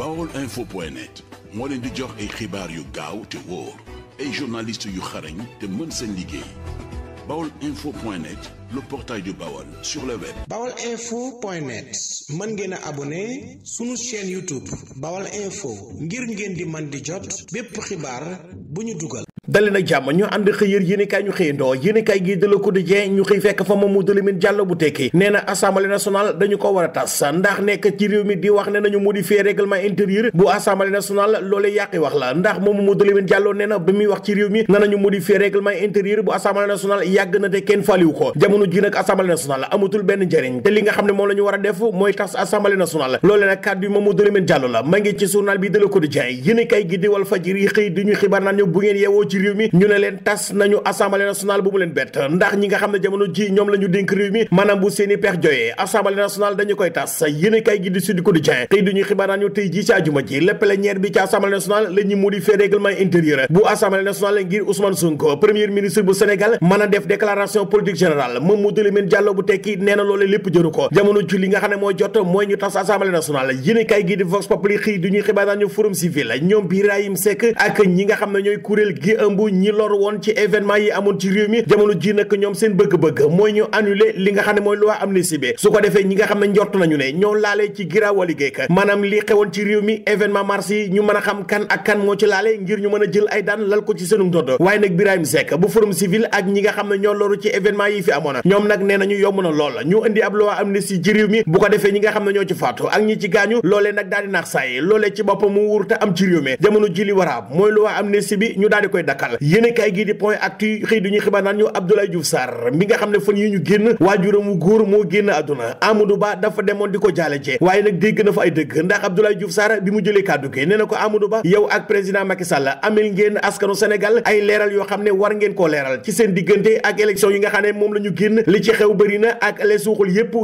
bawol info point net moo leen di jox xibaar yu gaaw te wóor yu xarañ te mën seen liggéey bawol info point net le portail du Baol sur le web. Baol info ngeen a abonné sunu chaîne YouTube Baol info ngir ngeen di man di jot bépp xibaar bu ñu dugal. dali nag jàmm ñu ànd xëyër yéenekaay ñu xëyandoo yéenekaay gi de ñu xëy fekk fa Mamadou Lamine Diallo bu tekki nee na assemblée nationale dañu ko war a tas ndax nekk ci réew mi di wax ne a def mooy yi xëy di ñu xibaar naan ñu bu ngeen yeewoo ci réew mi ñu ne leen tas nañu assemblée nationale bu mu leen bett ndax ñi nga xam ne jamono ji ñoom la ñu dénk mi maanaam bu seeni peex joyee assemblée nationale dañu koy tas yéene gi di Sud Quotidien xëy duñuy xibaar naan ñu tey ji ci àjuma ji la plénière bi ci assemblée nationale la ñuy modifier règlement intérieur bu assemblée nationale ngir Ousmane Sonko premier ministre bu Sénégal mën def déclaration politique générale Mamadou Lamine Diallo bu tekki ne ëmb ñi lor woon ci événement yi amoon ci réew mi jamono ji nag ñoom seen bëgg-bëgg mooy ñu annuler li nga xam ne mooy loi amnistie bi su ci giraaw mi a xam kan ak a jël ay daan lal ko ci seenu ndodd waaye nag Birahim Seck bu forum civil ak ñi nga xam ne ñoo ko defee ñi nga xam ne ñoo ci faatu ak ñi ci gaañu loolee nag daal naax saa yi ci boppam mu wurta am ci réew mi jamono ji li war a am mooy loi amnistie bi ñu daal koy dakk dakkal yéene kaay gii di point actu xëy duñuy xibaar naan ñu Abdoulaye Diouf Sarr nga xam ne fan yi ñu génn waajuram góor moo génn àdduna Amadou Ba dafa demoon di ko jaale jee waaye nag dégg na fa ay dëgg ndax Abdoulaye Diouf bi mu jëlee kàddu gi nee na ko Amadou Ba yow ak président Macky Sall ngeen askanu Sénégal ay leeral yoo xam ne war ngeen koo leeral ci seen diggante ak élection yi nga xam ne moom la ñu génn li ci xew bëri ak les suuxul yépp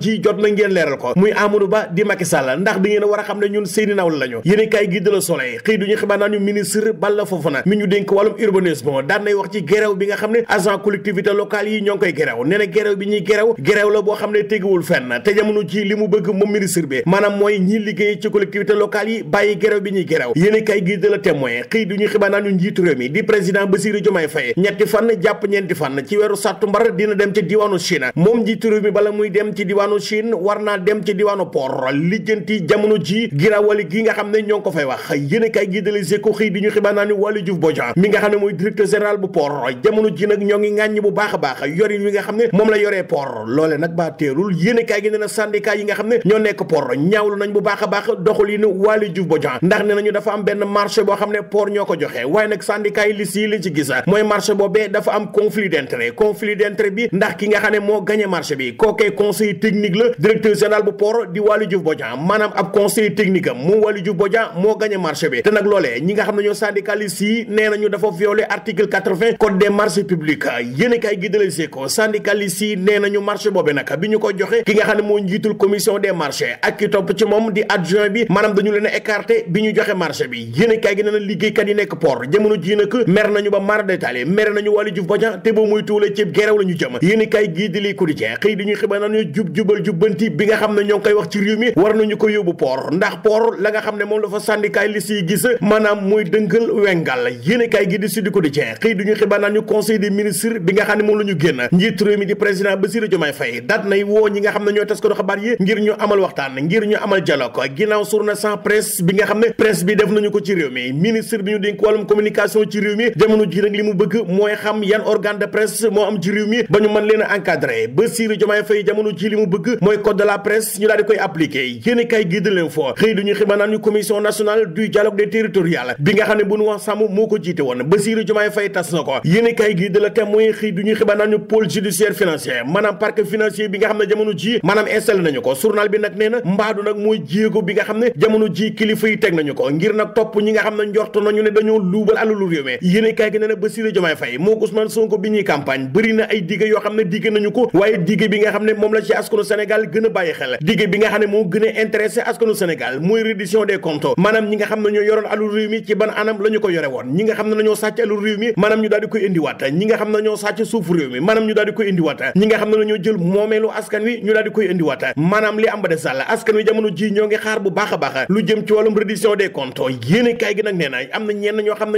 ji jot na ngeen ko muy Amadou Ba di Macky Sall ndax da a wàllum urbanisme daan nay wax ci gerew bi nga xam ne agent collectivité locale yi ñoo ngi koy gerew nee na bi ñuy gerew gerew la boo xam ne teguwul fenn te jamono jii li mu bëgg moom ministre bi maanaam mooy ñi liggéey ci collectivité locale yi bàyyi gerew bi ñuy gerew yéen kay gi de la témoin xëy du ñu xibaar naan ñu njiitu réew mi di président Bassirou Diomaye Faye ñetti fan jàpp ñeenti fan ci weeru sàttumbar dina dem ci diwaanu Chine moom njiitu réew mi bala muy dem ci diwaanu Chine war naa dem ci diwaanu port lijjanti jamono ji girawali gi nga xam ne ñoo ko fay wax yéen kay gi de la Écho ñu xibaar naan ñu Waly Diouf Bodian mi nga xam ne mooy directeur xam ne moom la a baax doxalinu Waly Diouf Bodian ndax ne nañu dafa am benn marché boo xam ne port ñoo ko joxe waaye nag syndicat yi li si li ci gis mooy marché boobee dafa am conflit d'intérêt conflit d'intérêt bi ndax ki nga xam ne moo gagné marché bi kookee conseil technique la directeur général bu port di Waly Diouf Bodian maanaam ab conseil technique am moom Waly Diouf Bodian moo gagné marché bi te nag loolee ñi nga xam ne ñoo syndicaliste yi nee nañu dafa violé article 80 code des marchés publics yéenekaay gi dale si ko syndicaliste yi nee nañu marché boobe nag bi ñu ko joxe ki nga xam ne moo njiitul commission de marché ak ki topp ci moom di adjoint bi maanaam dañu leen a écarté bi ñu joxe marché bi yéenekaay gi nee na liggéeykat yi nekk port jamono ji nag mer nañu ba mara détaillé mer nañu wàllu juf baña te boo muy tuule ci gerew la ñu jëm yéenekaay gii di Le Quotidien xëy di ñu xibaar nañu jub jubal jubbanti bi nga xam ne ñoo koy wax ci réew mi war nañu ko yóbbu port ndax port la nga xam ne moom dafa syndicaliste yi gis maanaam muy dëngal wengal yéenekaay kaay gi di Sud Quotidien xëy duñu xibaar naan conseil des ministres bi nga xam ne moom la génn njiit réew mi di président Bassirou Diomaye Faye daat nay woo ñi nga xam ne ñooy tas ko xabaar yi ngir ñu amal waxtaan ngir ñu amal dialogue ginnaaw journée sans bi nga xam ne presse bi def nañu ko ci réew mi ministre bi ñu dénk wàllum communication ci réew mi jamono ji nag li mu bëgg mooy xam yan organe de presse moo am ci réew mi ba ñu mën leen a woon Bassirou Diomaye moo Ousmane Sonko bi ñuy campagne bëri na ay digge yoo xam ne digge nañu ko waaye digge bi nga xam ne moom la ci askanu Sénégal gën a bàyyi xel digge bi nga xam ne moo gën a intéressé askanu Sénégal mooy reddition des comptes maanaam ñi nga xam ne ñoo yoroon alalu réew mi ci ban anam la ko yore woon ñoo sàcc ñoo xam ne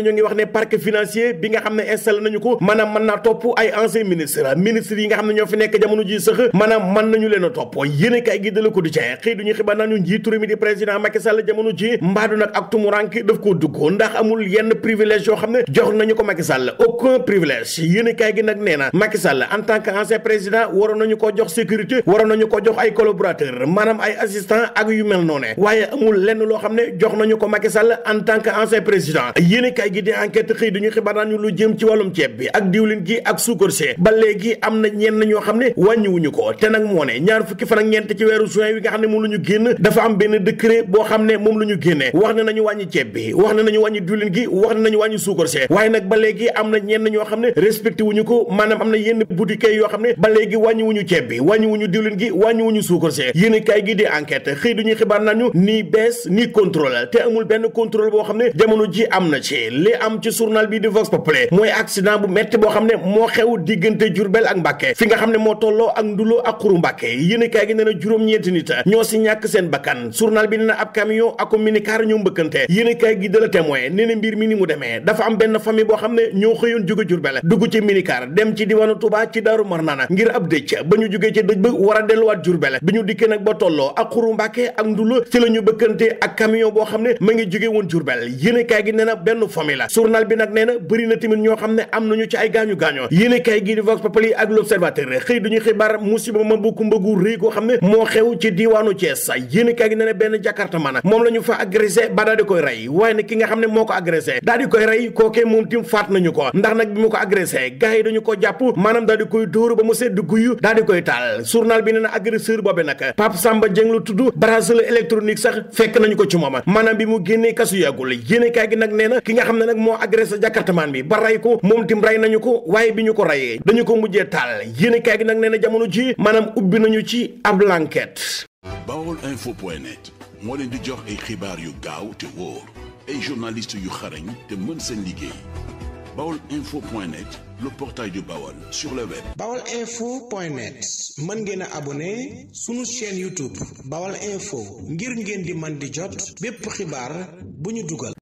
ñoo ngi wax ne parc financier bi nga xam ne installé nañu ko maanaam mën naa topp ay ancien ministre ministre yi nga xam ne ñoo fi nekk jamono ji sëx maanaam mën nañu leen topp yéene gi dala ko du cee xëy duñu ñu njiitu réew mi di président Macky Sall jamono ji mbaadu nag ak tumuranke daf koo dugg ndax amul yenn privilège xam ne ne jox nañu ko Macky Sall aucun privilège yéen gi nag nee na Macky en tant que ancien président waroon nañu ko jox sécurité waroon nañu ko jox ay collaborateur maanaam ay assistant ak yu mel noonu waaye amul lenn loo xam ne jox nañu ko Macky Sall en tant que ancien président yéen kaay gi di enquête xëy duñu xibaar naan lu jëm ci wàllum ceeb bi ak diwlin gi ak suukar si ba léegi am na ñenn ñoo xam ne wàññiwuñu ko te nag moo ne ñaar fukki fan ak ñeent ci xam ne moom lu ñu génn dafa am benn projet waaye nag ba léegi am na ñenn ñoo xam ne respecté wuñu ko maanaam am na yenn boutique yoo xam ne ba léegi wàññiwuñu ceeb bi wàññiwuñu diwlin gi wàññiwuñu suukar see yéen kaay gi di enquête xëy duñuy xibaar nañu ni bees ni contrôle te amul benn contrôle boo xam ne jamono ji am na ci li am ci journal bi di Vox Populi mooy accident bu metti boo xam ne moo xew diggante Jurbel ak Mbàkke fi nga xam ne moo tolloo ak nduloo ak xuru Mbàkke yéen kaay gi na juróom-ñeenti nit ñoo si ñàkk seen bakkan journal bi nee na ab camion ak minicar ñoo mbëkkante yéen kaay gi de la témoin nee na mbir mi ni mu demee am benn famille boo xam ne ñoo xëyoon jóge Jurbel dugg ci minicar dem ci diwaanu Touba ci Daaru Marnaan ngir ab dëj ba ñu jógee ci dëj ba war a delluwaat Jurbel bi ñu dikkee nag ba tolloo ak xuru Mbàkke ak ndula si la ñu bëkkante ak camion boo xam ne ma ngi jóge woon Jurbel yéenekaay gi nee na benn famille la journal bi nag nee na bëri na tamit ñoo xam ne am nañu ci ay gaañu gaañoo yéenekaay gi di Vox Populi ak L'Observateur xëy duñu xibaar musiba ma bu kumba gu rëy goo xam ne moo xew ci diwaanu Thiès yéenekaay gi nee na benn jakarta man moom la ñu fa agressé ba daal di koy rey waaye ne ki nga xam ne moo ko agressé daal di koy rey kookee moom tim faat nañu ko ndax nag bi mu ko agressé gars yi dañu ko jàpp maanaam daal koy dóor ba mu sedd guyu daal di koy taal journal bi nee na agresseur boobe nag Pape Samba Dieng lu tudd bracelet électronique sax fekk nañu ko ci moom maanaam bi mu génnee kasu yàggul yéene kaay gi nag nee na ki nga xam ne nag moo agressé jakartamaan bi ba ray ko moom tim ray nañu ko waaye bi ñu ko rayee dañu ko mujjee taal yéene kaay gi nag nee na jamono ji maanaam ubbi nañu ci ab l'enquête Baol info point net moo leen di jox xibaar yu gaaw te wóor ay journaliste yu xarañ te mën seen liggéey bawal info point net le portail du Baol sur le point net mën ngeen a abonné sunu chaîne YouTube bawal info ngir ngeen di man di jot bépp xibaar bu ñu dugal.